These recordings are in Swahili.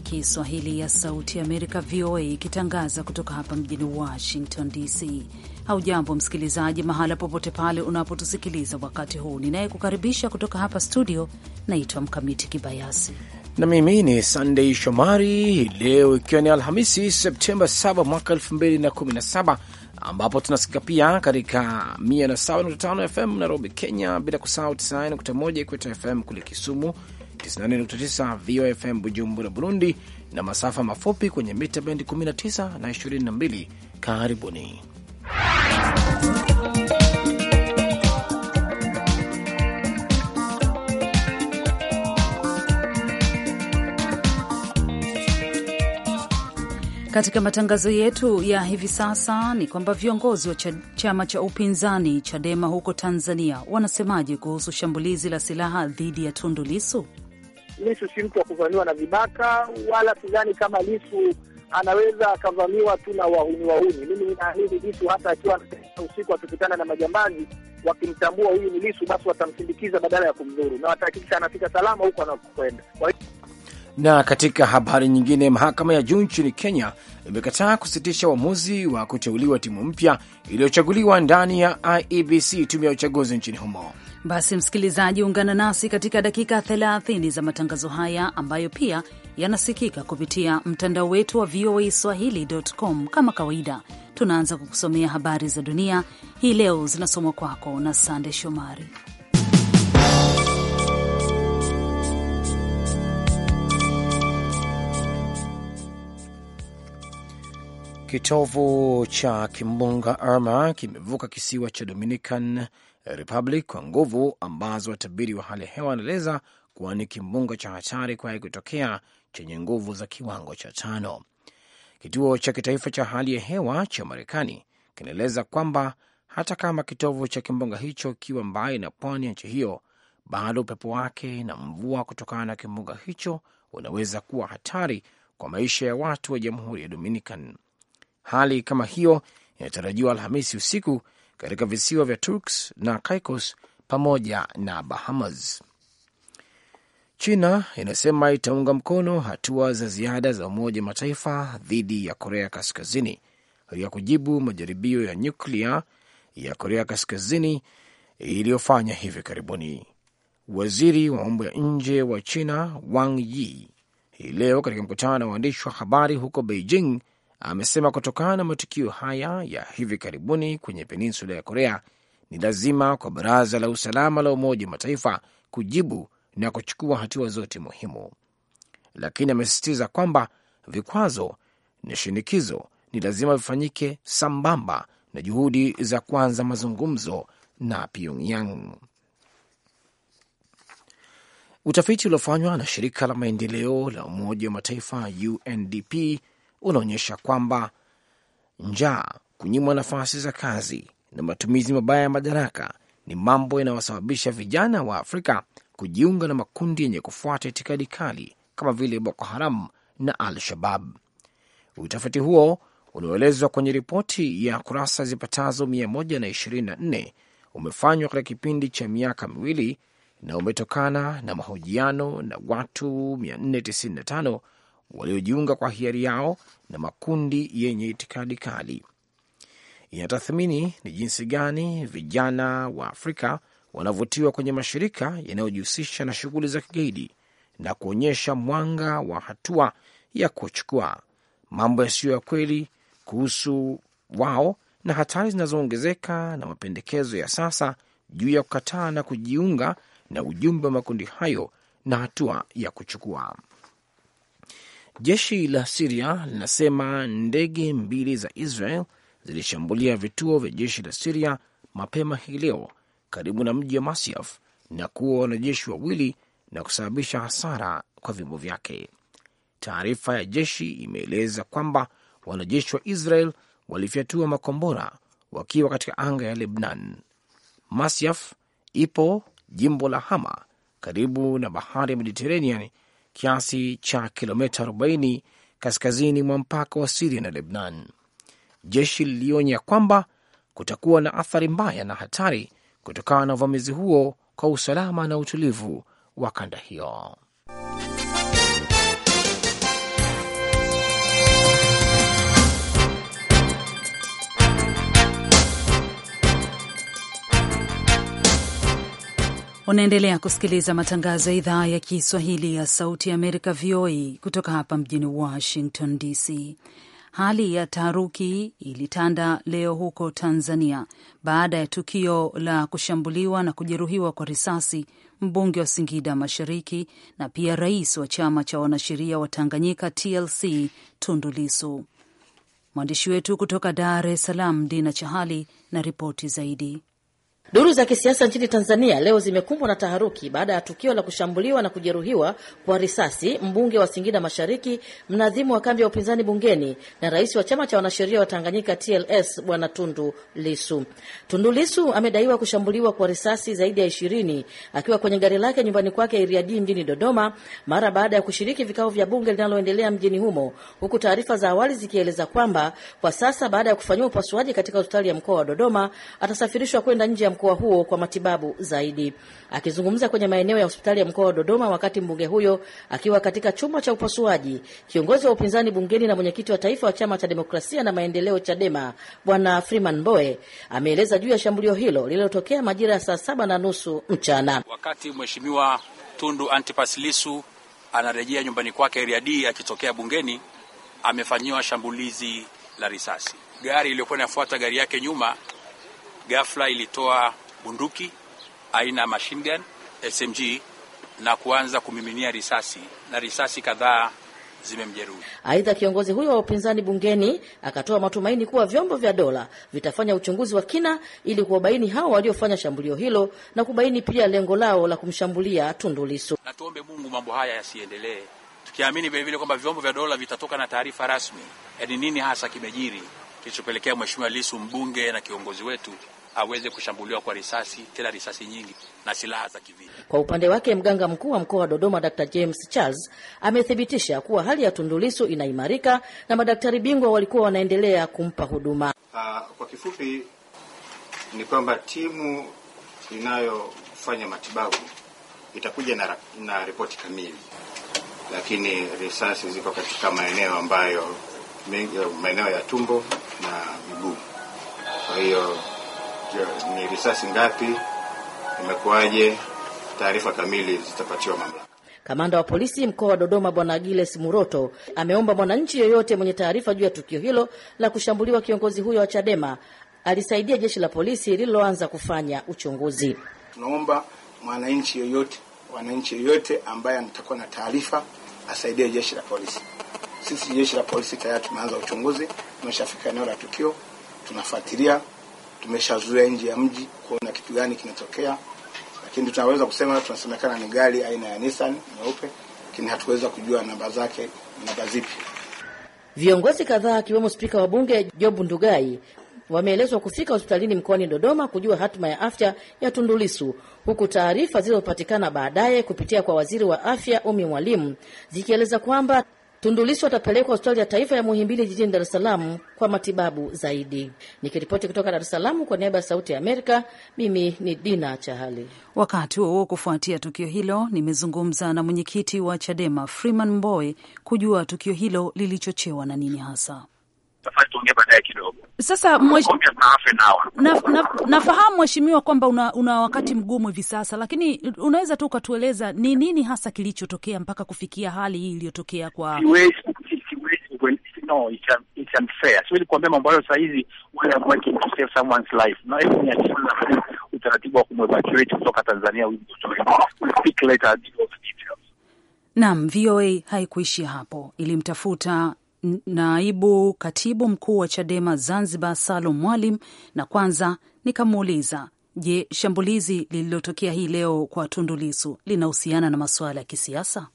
ya Kiswahili ya Sauti ya Amerika, VOA, ikitangaza kutoka hapa mjini Washington DC. Haujambo msikilizaji, mahala popote pale unapotusikiliza wakati huu. Ninayekukaribisha kutoka hapa studio naitwa Mkamiti Kibayasi na mimi ni sandei Shomari. Leo ikiwa ni Alhamisi, Septemba 7 mwaka 2017 ambapo tunasikika pia katika 107.5 FM Nairobi, Kenya, bila kusahau 91 Ikweta FM kule Kisumu 98.9 VOFM Bujumbura, Burundi, na masafa mafupi kwenye mita bendi 19 na 22. Karibuni Katika matangazo yetu ya hivi sasa ni kwamba viongozi wa chama cha upinzani Chadema huko Tanzania wanasemaje kuhusu shambulizi la silaha dhidi ya Tundu Lisu si mtu wa kuvamiwa na vibaka, wala sidhani kama Lisu anaweza akavamiwa tu na wahuni wahuni. Mimi ninaamini Lisu hata akiwa anatembea usiku akikutana na majambazi, wakimtambua huyu ni Lisu, basi watamsindikiza badala ya kumdhuru, na watahakikisha anafika salama huko anakokwenda. Na katika habari nyingine, mahakama ya juu nchini Kenya imekataa kusitisha uamuzi wa, wa kuteuliwa timu mpya iliyochaguliwa ndani ya IEBC, tume ya uchaguzi nchini humo. Basi msikilizaji, ungana nasi katika dakika 30 za matangazo haya ambayo pia yanasikika kupitia mtandao wetu wa VOA Swahili.com. Kama kawaida, tunaanza kukusomea habari za dunia hii leo, zinasomwa kwako na Sande Shomari. Kitovu cha kimbunga Irma kimevuka kisiwa cha Dominican Republic kwa nguvu ambazo watabiri wa hali ya hewa wanaeleza kuwa ni kimbunga cha hatari kwahi kutokea chenye nguvu za kiwango cha tano. Kituo cha kitaifa cha hali ya hewa cha Marekani kinaeleza kwamba hata kama kitovu cha kimbunga hicho kiwa mbali na pwani ya nchi hiyo, bado upepo wake na mvua kutokana na kimbunga hicho unaweza kuwa hatari kwa maisha ya watu wa Jamhuri ya Dominican. Hali kama hiyo inatarajiwa Alhamisi usiku katika visiwa vya Turks na Caicos pamoja na Bahamas. China inasema itaunga mkono hatua za ziada za Umoja Mataifa dhidi ya Korea Kaskazini ya kujibu majaribio ya nyuklia ya Korea Kaskazini iliyofanya hivi karibuni. Waziri wa mambo ya nje wa China Wang Yi hii leo katika mkutano na waandishi wa habari huko Beijing amesema kutokana na matukio haya ya hivi karibuni kwenye peninsula ya Korea ni lazima kwa Baraza la Usalama la Umoja wa Mataifa kujibu na kuchukua hatua zote muhimu, lakini amesisitiza kwamba vikwazo na shinikizo ni lazima vifanyike sambamba na juhudi za kuanza mazungumzo na Pyongyang. Utafiti uliofanywa na shirika la maendeleo la Umoja wa Mataifa UNDP unaonyesha kwamba njaa, kunyimwa nafasi za kazi na matumizi mabaya ya madaraka ni mambo yanayosababisha vijana wa Afrika kujiunga na makundi yenye kufuata itikadi kali kama vile Boko Haram na Al-Shabab. Utafiti huo unaoelezwa kwenye ripoti ya kurasa zipatazo 124 umefanywa katika kipindi cha miaka miwili na umetokana na mahojiano na watu 495 waliojiunga kwa hiari yao na makundi yenye itikadi kali. Inatathmini ni jinsi gani vijana wa Afrika wanavutiwa kwenye mashirika yanayojihusisha na shughuli za kigaidi na kuonyesha mwanga wa hatua ya kuchukua mambo yasiyo ya kweli kuhusu wao na hatari zinazoongezeka na mapendekezo ya sasa juu ya kukataa na kujiunga na ujumbe wa makundi hayo na hatua ya kuchukua. Jeshi la Siria linasema ndege mbili za Israel zilishambulia vituo vya jeshi la Siria mapema hii leo karibu na mji wa Masyaf na kuwa wanajeshi wawili na kusababisha hasara kwa vyombo vyake. Taarifa ya jeshi imeeleza kwamba wanajeshi wa Israel walifyatua makombora wakiwa katika anga ya Lebnan. Masyaf ipo jimbo la Hama karibu na bahari ya Mediterranean kiasi cha kilomita 40 kaskazini mwa mpaka wa Siria na Lebnan. Jeshi lilionya kwamba kutakuwa na athari mbaya na hatari kutokana na uvamizi huo kwa usalama na utulivu wa kanda hiyo. Unaendelea kusikiliza matangazo ya idhaa ya Kiswahili ya Sauti ya Amerika, VOA, kutoka hapa mjini Washington DC. Hali ya taharuki ilitanda leo huko Tanzania baada ya tukio la kushambuliwa na kujeruhiwa kwa risasi mbunge wa Singida Mashariki na pia rais wa chama cha wanasheria wa Tanganyika TLC Tundu Lissu. Mwandishi wetu kutoka Dar es Salaam, Dina Chahali, na ripoti zaidi. Duru za kisiasa nchini Tanzania leo zimekumbwa na taharuki baada ya tukio la kushambuliwa na kujeruhiwa kwa risasi mbunge wa Singida Mashariki, mnadhimu wa kambi ya upinzani bungeni na rais wa chama cha wanasheria wa Tanganyika TLS, Bwana Tundu Lisu. Tundu Lisu amedaiwa kushambuliwa kwa risasi zaidi ya ishirini akiwa kwenye gari lake nyumbani kwake Iriadi mjini Dodoma mara baada ya kushiriki vikao vya bunge linaloendelea mjini humo, huku taarifa za awali zikieleza kwamba kwa sasa baada ya kufanyiwa upasuaji katika hospitali ya mkoa wa Dodoma atasafirishwa kwenda nje ya mkoa huo kwa matibabu zaidi. Akizungumza kwenye maeneo ya hospitali ya mkoa wa Dodoma wakati mbunge huyo akiwa katika chumba cha upasuaji, kiongozi wa upinzani bungeni na mwenyekiti wa taifa wa chama cha demokrasia na maendeleo Chadema Bwana Freeman Mbowe ameeleza juu ya shambulio hilo lililotokea majira ya saa saba na nusu mchana wakati mheshimiwa Tundu Antipas lisu anarejea nyumbani kwake area D akitokea bungeni, amefanyiwa shambulizi la risasi. Gari iliyokuwa inafuata gari yake nyuma ghafla ilitoa bunduki aina machine gun SMG na kuanza kumiminia risasi na risasi kadhaa zimemjeruhi. Aidha, kiongozi huyo wa upinzani bungeni akatoa matumaini kuwa vyombo vya dola vitafanya uchunguzi wa kina ili kuwabaini hao waliofanya shambulio hilo na kubaini pia lengo lao la kumshambulia Tundu Lissu. Na tuombe Mungu mambo haya yasiendelee, tukiamini vilevile kwamba vyombo vya dola vitatoka na taarifa rasmi, yaani nini hasa kimejiri kilichopelekea Mheshimiwa Lissu mbunge na kiongozi wetu aweze kushambuliwa kwa risasi, tena risasi nyingi na silaha za kivita. Kwa upande wake, mganga mkuu wa mkoa wa Dodoma Dr. James Charles amethibitisha kuwa hali ya Tundu Lissu inaimarika na madaktari bingwa walikuwa wanaendelea kumpa huduma. Uh, kwa kifupi ni kwamba timu inayofanya matibabu itakuja na, na ripoti kamili, lakini risasi ziko katika maeneo ambayo maeneo ya tumbo na miguu, kwa hiyo ni risasi ngapi, imekuwaje, taarifa kamili zitapatiwa mamlaka. Kamanda wa polisi mkoa wa Dodoma Bwana Giles Muroto ameomba mwananchi yoyote mwenye taarifa juu ya tukio hilo la kushambuliwa kiongozi huyo wa Chadema alisaidia jeshi la polisi lililoanza kufanya uchunguzi. Tunaomba mwananchi yoyote, wananchi yoyote ambaye atakuwa na taarifa asaidie jeshi la polisi. Sisi jeshi la polisi tayari tumeanza uchunguzi, tumeshafika eneo la tukio, tunafuatilia tumeshazuia nje ya mji kuona kitu gani kinatokea, lakini tunaweza kusema tunasemekana ni gari aina ya Nissan nyeupe, lakini hatuweza kujua namba zake, namba zipi. Viongozi kadhaa akiwemo spika wa bunge Job Ndugai wameelezwa kufika hospitalini mkoani Dodoma kujua hatima ya afya ya Tundulisu, huku taarifa zilizopatikana baadaye kupitia kwa waziri wa afya Umi Mwalimu zikieleza kwamba tundulisi watapelekwa hospitali ya taifa ya Muhimbili jijini Dar es Salaam kwa matibabu zaidi. Nikiripoti kutoka Dar es Salaam kwa niaba ya Sauti ya Amerika, mimi ni Dina Chahali. Wakati huo kufuatia tukio hilo, nimezungumza na mwenyekiti wa CHADEMA Freeman Mbowe kujua tukio hilo lilichochewa na nini hasa tuongee baadaye kidogo. Sasa nafahamu mheshimiwa kwamba una, una wakati mgumu hivi sasa, lakini unaweza tu ukatueleza ni nini hasa kilichotokea mpaka kufikia hali hii iliyotokea kwa No, it's, a, it's unfair. Siwezi kuambia mambo hayo to save someone's life. utaratibu wa kumevacuate kutoka Tanzania Naam, VOA haikuishia hapo, ilimtafuta naibu katibu mkuu wa Chadema Zanzibar, Salum Mwalim, na kwanza nikamuuliza je, shambulizi lililotokea hii leo kwa tundu lisu linahusiana na masuala ya kisiasa?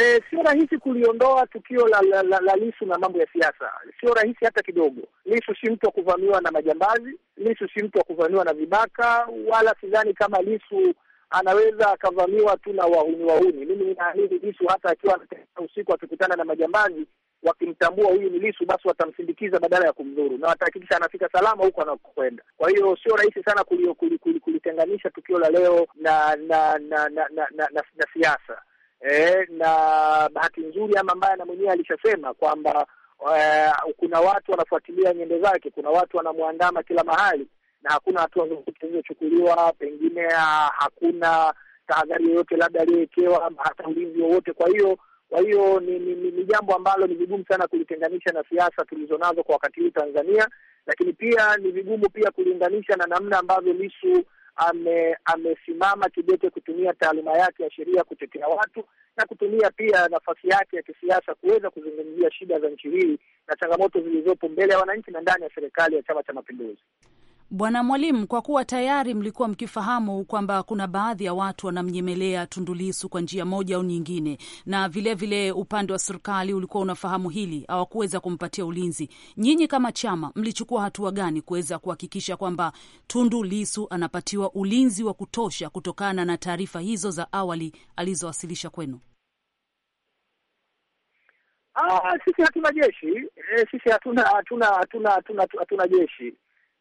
E, sio rahisi kuliondoa tukio la, la, la, la Lisu na mambo ya siasa, sio rahisi hata kidogo. Lisu si mtu wa kuvamiwa na majambazi, Lisu si mtu wa kuvamiwa na vibaka, wala sidhani kama Lisu anaweza akavamiwa tu na wahuni wahuni. Mimi ninaamini Lisu hata akiwa anatembea usiku akikutana na majambazi wakimtambua huyu ni Lisu, basi watamsindikiza badala ya kumdhuru, na watahakikisha anafika salama huko anakokwenda. Kwa hiyo sio rahisi sana kulitenganisha tukio la leo na na na na, na, na, na, na siasa e, na bahati nzuri ama mbaya, na mwenyewe alishasema kwamba Uh, kuna watu wanafuatilia nyendo zake, kuna watu wanamwandama kila mahali, na hakuna hatua zozote zilizochukuliwa, pengine ah, hakuna tahadhari yoyote labda aliyowekewa, hata ulinzi wowote. Kwa hiyo kwa hiyo ni, ni, ni, ni jambo ambalo ni vigumu sana kulitenganisha na siasa tulizonazo kwa wakati huu Tanzania, lakini pia ni vigumu pia kulinganisha na namna ambavyo lisu ame, amesimama kidete kutumia taaluma yake ya sheria kutetea watu na kutumia pia nafasi yake ya kisiasa kuweza kuzungumzia shida za nchi hii na changamoto zilizopo mbele ya wananchi na ndani ya serikali ya Chama cha Mapinduzi. Bwana Mwalimu, kwa kuwa tayari mlikuwa mkifahamu kwamba kuna baadhi ya watu wanamnyemelea Tundulisu kwa njia moja au nyingine, na vilevile upande wa serikali ulikuwa unafahamu hili, hawakuweza kumpatia ulinzi, nyinyi kama chama mlichukua hatua gani kuweza kuhakikisha kwamba tundu lisu anapatiwa ulinzi wa kutosha kutokana na taarifa hizo za awali alizowasilisha kwenu? Ah, sisi hatuna jeshi e, sisi hatuna hatuna hatuna hatuna jeshi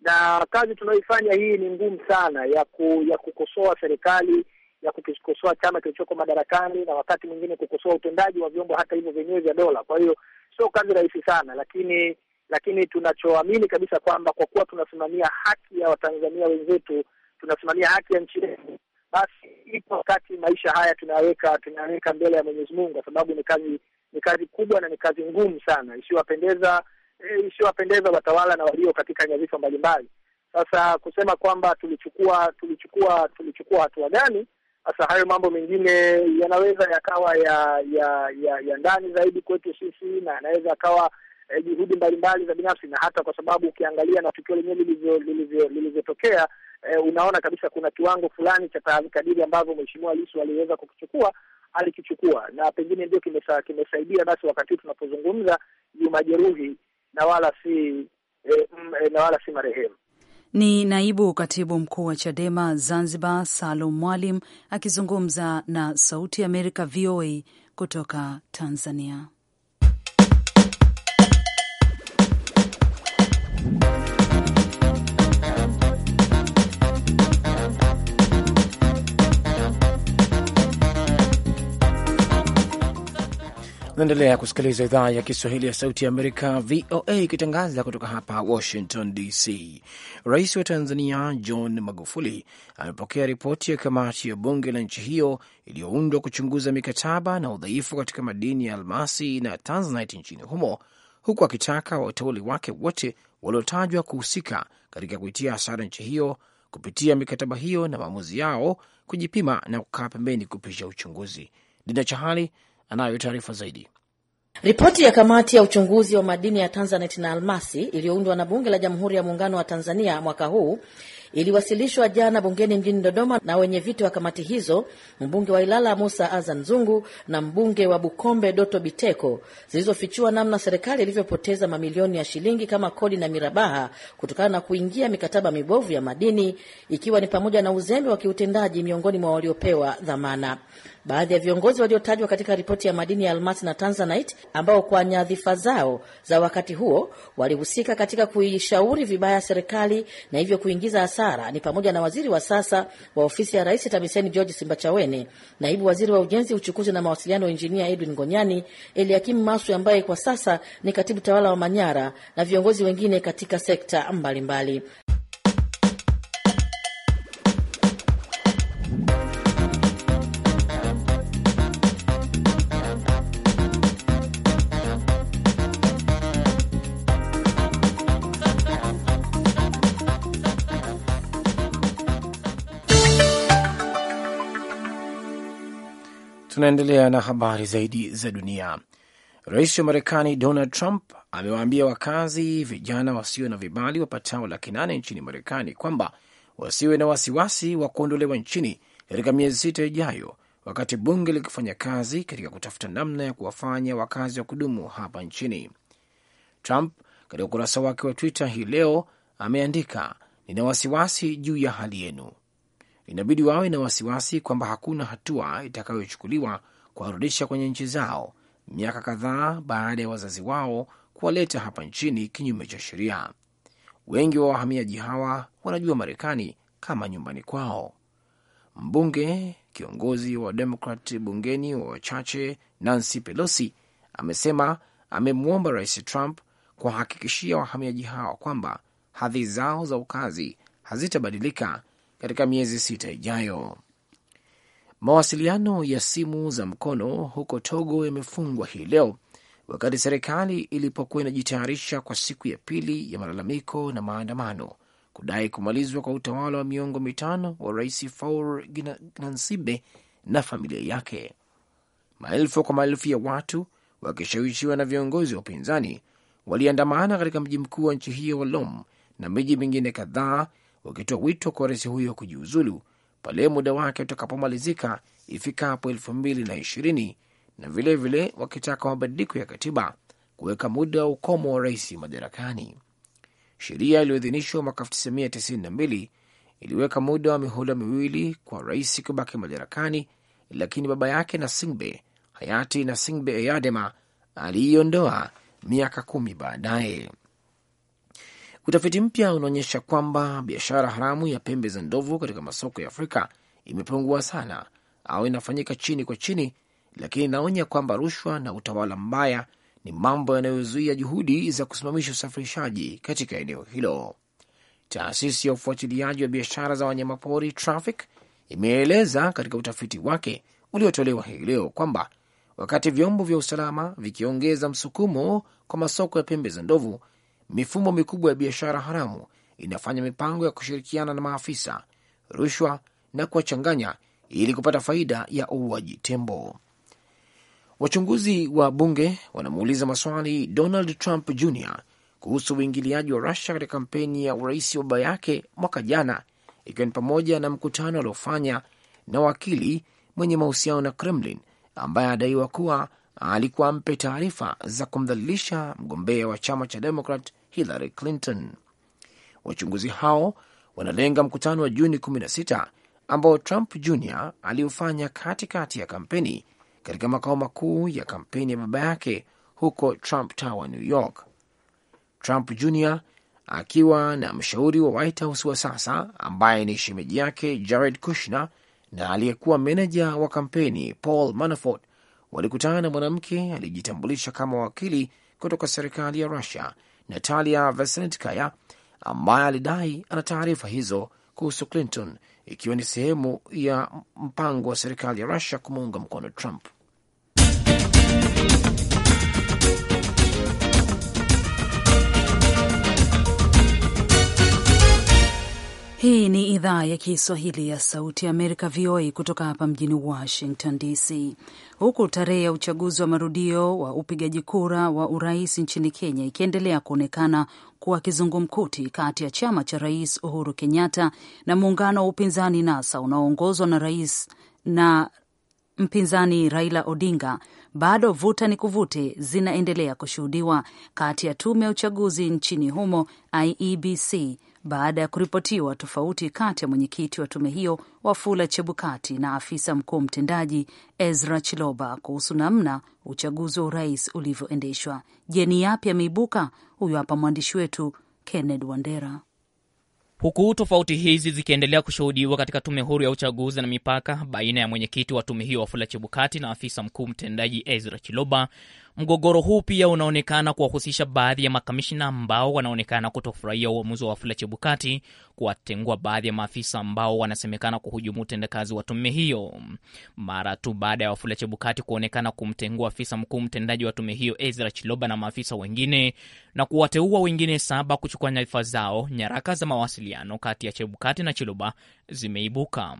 na kazi tunayoifanya hii ni ngumu sana ya ku, ya kukosoa serikali ya kukikosoa chama kilichoko madarakani na wakati mwingine kukosoa utendaji wa vyombo hata hivyo vyenyewe vya dola. Kwa hiyo sio kazi rahisi sana, lakini lakini tunachoamini kabisa kwamba kwa kuwa tunasimamia haki ya Watanzania wenzetu, tunasimamia haki ya nchi yetu, basi ipo wakati maisha haya tunaweka tunaweka mbele ya Mwenyezi Mungu, kwa sababu ni kazi ni kazi kubwa na ni kazi ngumu sana isiyowapendeza Eh, isiyowapendeza watawala na walio katika nyadhifa mbalimbali. Sasa kusema kwamba tulichukua tulichukua tulichukua hatua gani, sasa hayo mambo mengine yanaweza yakawa ya ya ya, ya ndani zaidi kwetu sisi na yanaweza yakawa eh, juhudi mbalimbali za binafsi, na hata kwa sababu ukiangalia na tukio lenyewe lilivyotokea eh, unaona kabisa kuna kiwango fulani cha kadiri ambavyo Mheshimiwa Lissu aliweza kukichukua alikichukua, na pengine ndio kimesa, kimesaidia basi wakati huu tunapozungumza juu majeruhi na wala si eh, mm, eh, na wala si marehemu. Ni naibu katibu mkuu wa Chadema Zanzibar Salum Mwalim akizungumza na Sauti ya Amerika VOA kutoka Tanzania. Naendelea kusikiliza idhaa ya Kiswahili ya Sauti ya Amerika, VOA, ikitangaza kutoka hapa Washington DC. Rais wa Tanzania John Magufuli amepokea ripoti ya kamati ya bunge la nchi hiyo iliyoundwa kuchunguza mikataba na udhaifu katika madini ya almasi na tanzanite nchini humo, huku akitaka wateuli wake wote waliotajwa kuhusika katika kuitia hasara nchi hiyo kupitia mikataba hiyo na maamuzi yao kujipima na kukaa pembeni kupisha uchunguzi. Dina Chahali anayo taarifa zaidi. Ripoti ya kamati ya uchunguzi wa madini ya Tanzanite na almasi iliyoundwa na Bunge la Jamhuri ya Muungano wa Tanzania mwaka huu iliwasilishwa jana bungeni mjini Dodoma na wenye viti wa kamati hizo mbunge wa Ilala Musa Azan Zungu na mbunge wa Bukombe Doto Biteko, zilizofichua namna serikali ilivyopoteza mamilioni ya shilingi kama kodi na mirabaha kutokana na kuingia mikataba mibovu ya madini, ikiwa ni pamoja na uzembe wa kiutendaji miongoni mwa waliopewa dhamana. Baadhi ya viongozi waliotajwa katika ripoti ya madini ya almasi na tanzanite ambao kwa nyadhifa zao za wakati huo walihusika katika kuishauri vibaya serikali na hivyo kuingiza hasara ni pamoja na waziri wa sasa wa ofisi ya Rais tamiseni George Simbachawene, naibu waziri wa ujenzi, uchukuzi na mawasiliano Injinia Edwin Ngonyani, Eliakim Maswi ambaye kwa sasa ni katibu tawala wa Manyara na viongozi wengine katika sekta mbalimbali mbali. Tunaendelea na habari zaidi za dunia. Rais wa Marekani Donald Trump amewaambia wakazi vijana wasio na vibali wapatao laki nane nchini Marekani kwamba wasiwe na wasiwasi wa kuondolewa nchini katika miezi sita ijayo, wakati bunge likifanya kazi katika kutafuta namna ya kuwafanya wakazi wa kudumu hapa nchini. Trump katika ukurasa wake wa Twitter hii leo ameandika, nina wasiwasi juu ya hali yenu, inabidi wawe na wasiwasi kwamba hakuna hatua itakayochukuliwa kuwarudisha kwenye nchi zao miaka kadhaa baada ya wazazi wao kuwaleta hapa nchini kinyume cha sheria. Wengi wa wahamiaji hawa wanajua Marekani kama nyumbani kwao. Mbunge kiongozi wa Demokrat bungeni wa wachache Nancy Pelosi amesema amemwomba Rais Trump kuwahakikishia wahamiaji hawa kwamba hadhi zao za ukazi hazitabadilika katika miezi sita ijayo. Mawasiliano ya simu za mkono huko Togo yamefungwa hii leo wakati serikali ilipokuwa inajitayarisha kwa siku ya pili ya malalamiko na maandamano kudai kumalizwa kwa utawala wa miongo mitano wa Rais Faure Gnassingbé na familia yake. Maelfu kwa maelfu ya watu wakishawishiwa na viongozi wa upinzani waliandamana katika mji mkuu wa nchi hiyo wa Lome na miji mingine kadhaa wakitoa wito kwa rais huyo kujiuzulu pale muda wake utakapomalizika ifikapo elfu mbili na ishirini na vilevile vile wakitaka mabadiliko ya katiba kuweka muda wa ukomo wa rais madarakani. Sheria iliyoidhinishwa mwaka 1992 iliweka muda wa mihula miwili kwa rais kubaki madarakani, lakini baba yake Nasingbe hayati Nasingbe Eyadema aliiondoa miaka kumi baadaye. Utafiti mpya unaonyesha kwamba biashara haramu ya pembe za ndovu katika masoko ya Afrika imepungua sana au inafanyika chini kwa chini, lakini inaonya kwamba rushwa na utawala mbaya ni mambo yanayozuia juhudi za kusimamisha usafirishaji katika eneo hilo. Taasisi ya ufuatiliaji wa biashara za wanyamapori Traffic imeeleza katika utafiti wake uliotolewa hii leo kwamba wakati vyombo vya usalama vikiongeza msukumo kwa masoko ya pembe za ndovu mifumo mikubwa ya biashara haramu inafanya mipango ya kushirikiana na maafisa, rushwa na kuwachanganya ili kupata faida ya uuaji tembo. Wachunguzi wa bunge wanamuuliza maswali Donald Trump Jr kuhusu uingiliaji wa Rusia katika kampeni ya urais wa baba yake mwaka jana, ikiwa ni pamoja na mkutano aliofanya na wakili mwenye mahusiano na Kremlin ambaye anadaiwa kuwa alikuwa ampe taarifa za kumdhalilisha mgombea wa chama cha Demokrat Hillary Clinton. Wachunguzi hao wanalenga mkutano wa Juni 16 ambao Trump Jr aliofanya katikati ya kampeni katika makao makuu ya kampeni ya baba yake huko Trump Tower, New York. Trump Jr akiwa na mshauri wa White House wa sasa ambaye ni shemeji yake Jared Kushner na aliyekuwa meneja wa kampeni Paul Manafort walikutana na mwanamke aliyejitambulisha kama wakili kutoka serikali ya russia Natalia Vesentkaya ambaye alidai ana taarifa hizo kuhusu Clinton, ikiwa ni sehemu ya mpango wa serikali ya Rusia kumuunga mkono Trump. Hii ni idhaa ya Kiswahili ya Sauti ya Amerika, VOA, kutoka hapa mjini Washington DC. Huku tarehe ya uchaguzi wa marudio wa upigaji kura wa urais nchini Kenya ikiendelea kuonekana kuwa kizungumkuti kati ya chama cha Rais Uhuru Kenyatta na muungano wa upinzani NASA unaoongozwa na rais na mpinzani Raila Odinga, bado vuta ni kuvute zinaendelea kushuhudiwa kati ya tume ya uchaguzi nchini humo IEBC baada ya kuripotiwa tofauti kati ya mwenyekiti wa tume hiyo Wafula Chebukati na afisa mkuu mtendaji Ezra Chiloba kuhusu namna uchaguzi wa urais ulivyoendeshwa. Je, ni yapi yameibuka? Huyu hapa mwandishi wetu Kenneth Wandera. Huku tofauti hizi zikiendelea kushuhudiwa katika tume huru ya uchaguzi na mipaka baina ya mwenyekiti wa tume hiyo Wafula Chebukati na afisa mkuu mtendaji Ezra Chiloba, Mgogoro huu pia unaonekana kuwahusisha baadhi ya makamishina ambao wanaonekana kutofurahia uamuzi wa Wafula Chebukati kuwatengua baadhi ya maafisa ambao wanasemekana kuhujumu utendakazi wa tume hiyo. Mara tu baada ya Wafula Chebukati kuonekana kumtengua afisa mkuu mtendaji wa tume hiyo Ezra Chiloba na maafisa wengine na kuwateua wengine saba kuchukua nyadhifa zao, nyaraka za mawasiliano kati ya Chebukati na Chiloba zimeibuka.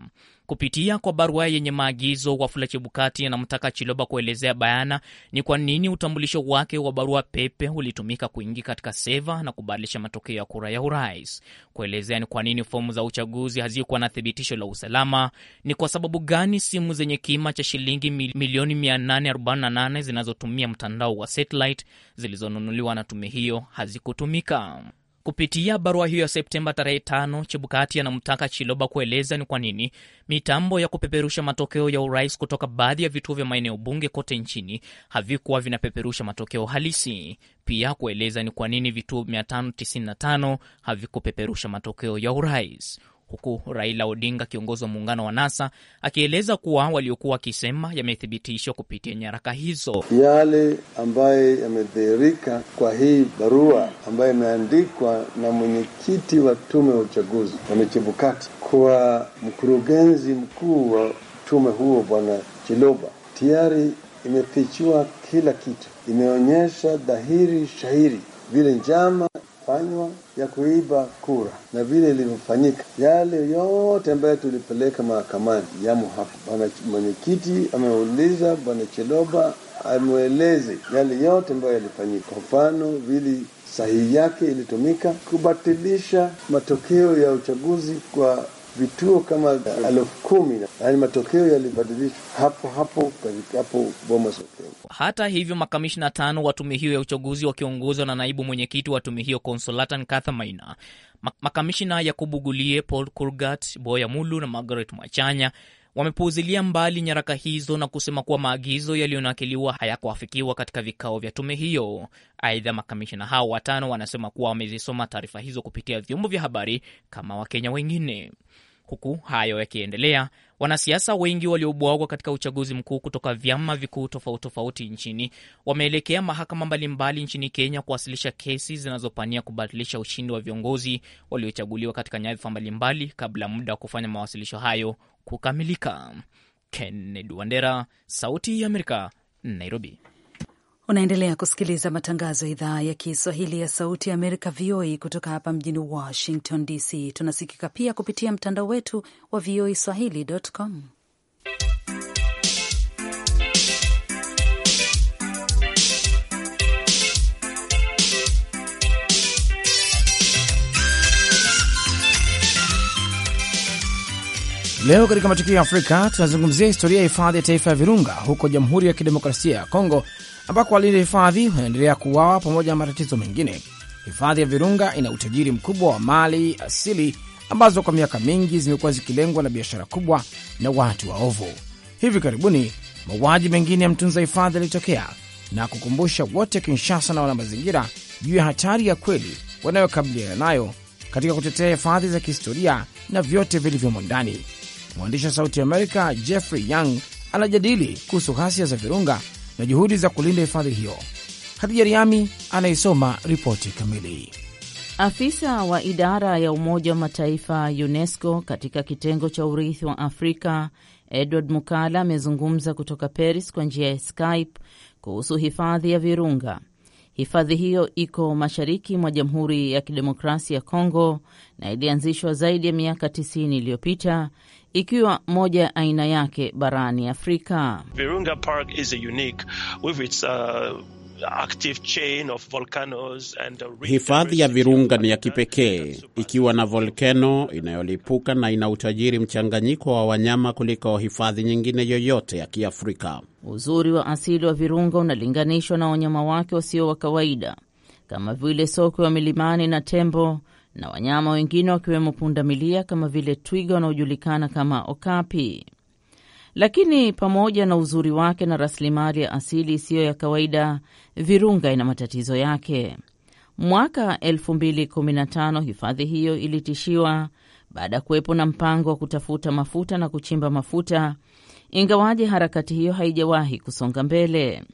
Kupitia kwa barua yenye maagizo, Wafula Chebukati anamtaka Chiloba kuelezea bayana ni kwa nini utambulisho wake wa barua pepe ulitumika kuingia katika seva na kubadilisha matokeo ya kura ya urais, kuelezea ni kwa nini fomu za uchaguzi hazikuwa na thibitisho la usalama, ni kwa sababu gani simu zenye kima cha shilingi milioni 848 zinazotumia mtandao wa satellite zilizonunuliwa na tume hiyo hazikutumika. Kupitia barua hiyo ya Septemba tarehe 5, Chebukati anamtaka Chiloba kueleza ni kwa nini mitambo ya kupeperusha matokeo ya urais kutoka baadhi ya vituo vya maeneo bunge kote nchini havikuwa vinapeperusha matokeo halisi, pia kueleza ni kwa nini vituo 595 havikupeperusha matokeo ya urais huku Raila Odinga, kiongozi wa muungano wa NASA, akieleza kuwa waliokuwa wakisema yamethibitishwa kupitia nyaraka hizo. Yale ambaye yamedhihirika kwa hii barua ambayo imeandikwa na mwenyekiti wa tume ya uchaguzi Wamechebukati kwa mkurugenzi mkuu wa tume huo Bwana Chiloba, tayari imefichua kila kitu, imeonyesha dhahiri shahiri vile njama yaliyofanywa ya kuiba kura na vile ilivyofanyika, yale yote ambayo tulipeleka mahakamani yamo hapa. Mwenyekiti ameuliza Bwana Cheloba amweleze yale yote ambayo yalifanyika, kwa mfano vile sahihi yake ilitumika kubatilisha matokeo ya uchaguzi kwa vituo kama elfu kumi yaani matokeo yalibadilishwa hapo hapo hapo Bomas. Hata hivyo makamishna tano wa tume hiyo ya uchaguzi wakiongozwa na naibu mwenyekiti wa tume hiyo Consolatan Kathamaina, makamishna Yakubu Gulie, Paul Kurgat, Boya Mulu na Margaret Mwachanya wamepuuzilia mbali nyaraka hizo na kusema kuwa maagizo yaliyonakiliwa hayakuafikiwa katika vikao vya tume hiyo. Aidha, makamishina hao watano wanasema kuwa wamezisoma taarifa hizo kupitia vyombo vya habari kama Wakenya wengine. Huku hayo yakiendelea, wanasiasa wengi waliobwagwa katika uchaguzi mkuu kutoka vyama vikuu tofauti tofauti nchini wameelekea mahakama mbalimbali nchini Kenya kuwasilisha kesi zinazopania kubatilisha ushindi wa viongozi waliochaguliwa katika nyadhifa mbalimbali kabla muda wa kufanya mawasilisho hayo kukamilika. Kennedy Wandera, Sauti ya Amerika, Nairobi. Unaendelea kusikiliza matangazo ya idhaa ya Kiswahili ya Sauti ya Amerika, VOA, e, kutoka hapa mjini Washington DC. Tunasikika pia kupitia mtandao wetu wa VOA e swahili.com. Leo katika matukio ya Afrika tunazungumzia historia ya hifadhi ya taifa ya Virunga huko Jamhuri ya Kidemokrasia ya Kongo ambako walinda hifadhi wanaendelea kuwawa pamoja na matatizo mengine. Hifadhi ya Virunga ina utajiri mkubwa wa mali asili ambazo kwa miaka mingi zimekuwa zikilengwa na biashara kubwa na watu waovu. Hivi karibuni mauaji mengine ya mtunza hifadhi yalitokea na kukumbusha wote Kinshasa na wanamazingira juu ya hatari ya kweli wanayokabiliana nayo katika kutetea hifadhi za kihistoria na vyote vilivyomo ndani. Mwandishi wa Sauti Amerika Jeffrey Young anajadili kuhusu ghasia za Virunga na juhudi za kulinda hifadhi hiyo. Hadija Riami anayesoma ripoti kamili. Afisa wa idara ya Umoja wa Mataifa UNESCO katika kitengo cha urithi wa Afrika Edward Mukala amezungumza kutoka Paris kwa njia ya Skype kuhusu hifadhi ya Virunga Hifadhi hiyo iko mashariki mwa Jamhuri ya Kidemokrasia ya Kongo na ilianzishwa zaidi ya miaka 90 iliyopita ikiwa moja ya aina yake barani Afrika. Virunga Park is a unique with its, uh... uh hifadhi ya Virunga ni ya kipekee ikiwa na volkeno inayolipuka na ina utajiri mchanganyiko wa wanyama kuliko hifadhi nyingine yoyote ya Kiafrika. Uzuri wa asili wa Virunga unalinganishwa na wanyama wake wasio wa kawaida kama vile sokwe wa milimani na tembo na wanyama wengine wakiwemo pundamilia kama vile twiga wanaojulikana kama okapi. Lakini pamoja na uzuri wake na rasilimali ya asili isiyo ya kawaida, Virunga ina matatizo yake. Mwaka 2015 hifadhi hiyo ilitishiwa baada ya kuwepo na mpango wa kutafuta mafuta na kuchimba mafuta ingawaje harakati hiyo haijawahi kusonga mbele,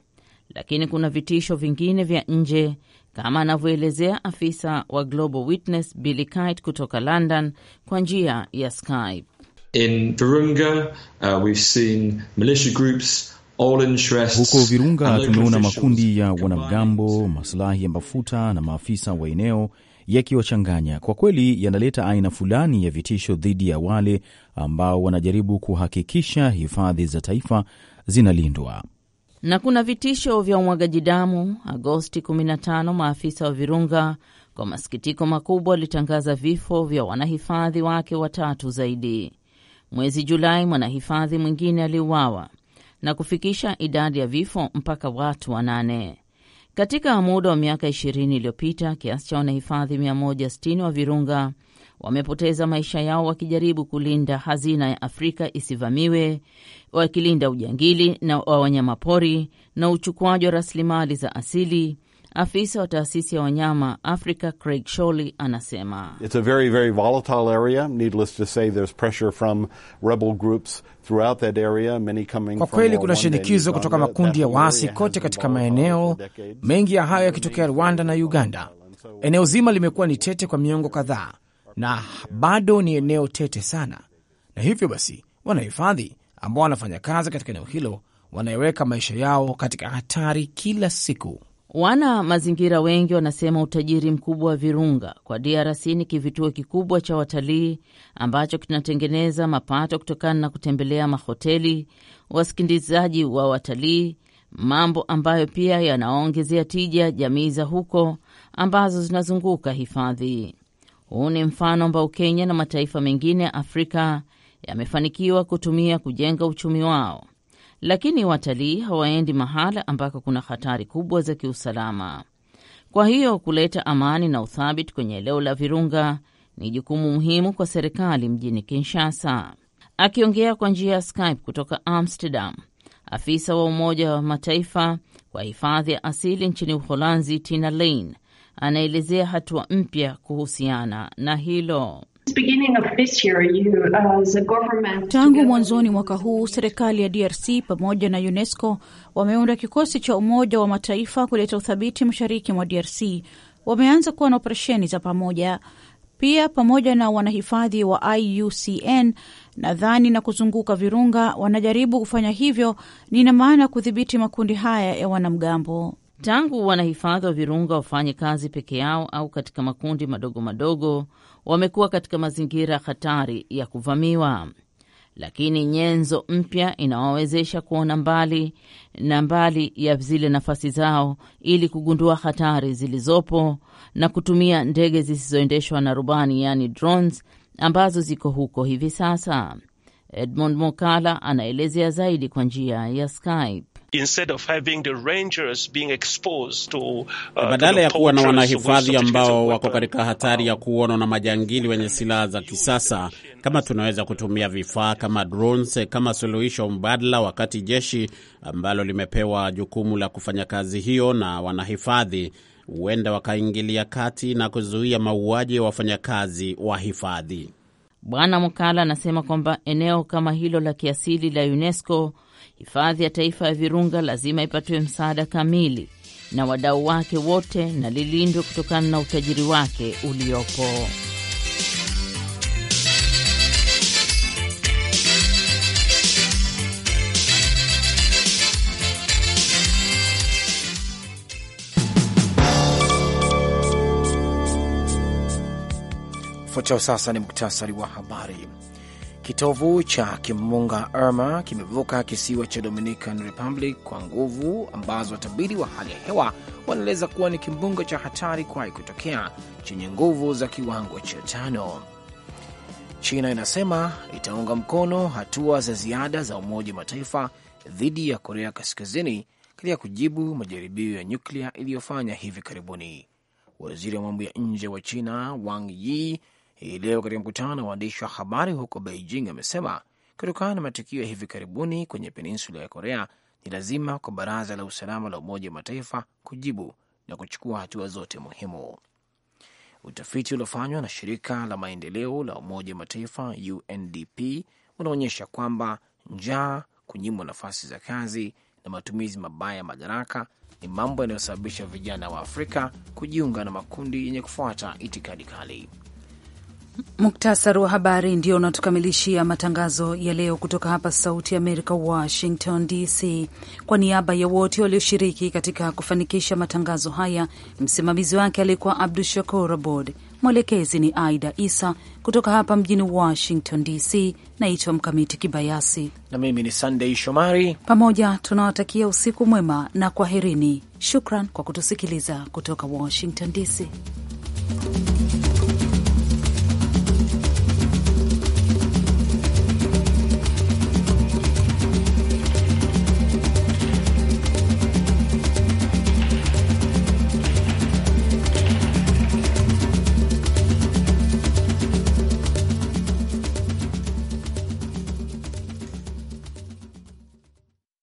lakini kuna vitisho vingine vya nje kama anavyoelezea afisa wa Global Witness Billy Kite kutoka London kwa njia ya Skype. In Virunga, uh, we've seen militia groups huko Virunga tumeona makundi ya wanamgambo, masilahi ya mafuta na maafisa wa eneo yakiwachanganya. Kwa kweli yanaleta aina fulani ya vitisho dhidi ya wale ambao wanajaribu kuhakikisha hifadhi za taifa zinalindwa. Na kuna vitisho vya umwagaji damu. Agosti 15 maafisa wa Virunga kwa masikitiko makubwa walitangaza vifo vya wanahifadhi wake watatu zaidi. Mwezi Julai mwanahifadhi mwingine aliuawa na kufikisha idadi ya vifo mpaka watu wanane. Katika muda wa miaka ishirini iliyopita kiasi cha wanahifadhi 160 wa Virunga wamepoteza maisha yao wakijaribu kulinda hazina ya Afrika isivamiwe, wakilinda ujangili na wa wanyamapori na uchukuaji wa rasilimali za asili Afisa wa taasisi ya wanyama Afrika Craig Shawley anasema It's a very, very volatile area. Needless to say, there's pressure from rebel groups throughout that area, many coming kwa kweli kuna shinikizo kutoka makundi ya waasi kote katika maeneo mengi ya hayo yakitokea Rwanda na Uganda. Eneo zima limekuwa ni tete kwa miongo kadhaa na bado ni eneo tete sana, na hivyo basi wanahifadhi ambao wanafanya kazi katika eneo hilo wanayeweka maisha yao katika hatari kila siku. Wana mazingira wengi wanasema utajiri mkubwa wa Virunga kwa DRC ni kivutio kikubwa cha watalii ambacho kinatengeneza mapato kutokana na kutembelea mahoteli, wasikilizaji wa watalii, mambo ambayo pia yanaongezea tija jamii za huko ambazo zinazunguka hifadhi. Huu ni mfano ambao Kenya na mataifa mengine ya Afrika yamefanikiwa kutumia kujenga uchumi wao lakini watalii hawaendi mahala ambako kuna hatari kubwa za kiusalama. Kwa hiyo kuleta amani na uthabiti kwenye eneo la Virunga ni jukumu muhimu kwa serikali mjini Kinshasa. Akiongea kwa njia ya Skype kutoka Amsterdam, afisa wa Umoja wa Mataifa kwa hifadhi ya asili nchini Uholanzi, Tina Lane, anaelezea hatua mpya kuhusiana na hilo. Tangu mwanzoni mwaka huu serikali ya DRC pamoja na UNESCO wameunda kikosi cha Umoja wa Mataifa kuleta uthabiti mashariki mwa DRC. Wameanza kuwa na operesheni za pamoja pia pamoja na wanahifadhi wa IUCN nadhani na kuzunguka Virunga wanajaribu kufanya hivyo. Nina maana ya kudhibiti makundi haya ya wanamgambo. Tangu wanahifadhi wa Virunga wafanye kazi peke yao au katika makundi madogo madogo, wamekuwa katika mazingira hatari ya kuvamiwa, lakini nyenzo mpya inawawezesha kuona mbali na mbali ya zile nafasi zao ili kugundua hatari zilizopo na kutumia ndege zisizoendeshwa na rubani, yaani drones, ambazo ziko huko hivi sasa. edmund Mokala anaelezea zaidi kwa njia ya Skype instead of having the rangers being exposed to, uh, badala ya kuwa na wanahifadhi ambao wako katika hatari ya kuonwa na majangili wenye silaha za kisasa, kama tunaweza kutumia vifaa kama drones kama suluhisho mbadala, wakati jeshi ambalo limepewa jukumu la kufanya kazi hiyo na wanahifadhi huenda wakaingilia kati na kuzuia mauaji ya wafanyakazi wa hifadhi. Bwana Mkala anasema kwamba eneo kama hilo la kiasili la UNESCO Hifadhi ya Taifa ya Virunga lazima ipatiwe msaada kamili na wadau wake wote na lilindwe kutokana na utajiri wake uliopo. Fuatao sasa ni muktasari wa habari. Kitovu cha kimbunga Irma kimevuka kisiwa cha Dominican Republic kwa nguvu ambazo watabiri wa hali ya hewa wanaeleza kuwa ni kimbunga cha hatari kuwahi kutokea chenye nguvu za kiwango cha tano. China inasema itaunga mkono hatua za ziada za Umoja wa Mataifa dhidi ya Korea Kaskazini katika kujibu majaribio ya nyuklia iliyofanya hivi karibuni. Waziri wa mambo ya nje wa China Wang Yi hii leo katika mkutano na waandishi wa habari huko Beijing amesema kutokana na matukio ya hivi karibuni kwenye peninsula ya Korea ni lazima kwa Baraza la Usalama la Umoja wa Mataifa kujibu na kuchukua hatua zote muhimu. Utafiti uliofanywa na shirika la maendeleo la Umoja wa Mataifa UNDP unaonyesha kwamba njaa, kunyimwa nafasi za kazi na matumizi mabaya ya madaraka ni mambo yanayosababisha vijana wa Afrika kujiunga na makundi yenye kufuata itikadi kali. Muktasari wa habari ndio unatukamilishia matangazo ya leo kutoka hapa Sauti ya Amerika, Washington DC. Kwa niaba ya wote walioshiriki katika kufanikisha matangazo haya, msimamizi wake alikuwa Abdu Shakur Abod, mwelekezi ni Aida Isa. Kutoka hapa mjini Washington DC, naitwa Mkamiti Kibayasi na mimi ni Sandei Shomari. Pamoja tunawatakia usiku mwema na kwaherini. Shukran kwa kutusikiliza kutoka Washington DC.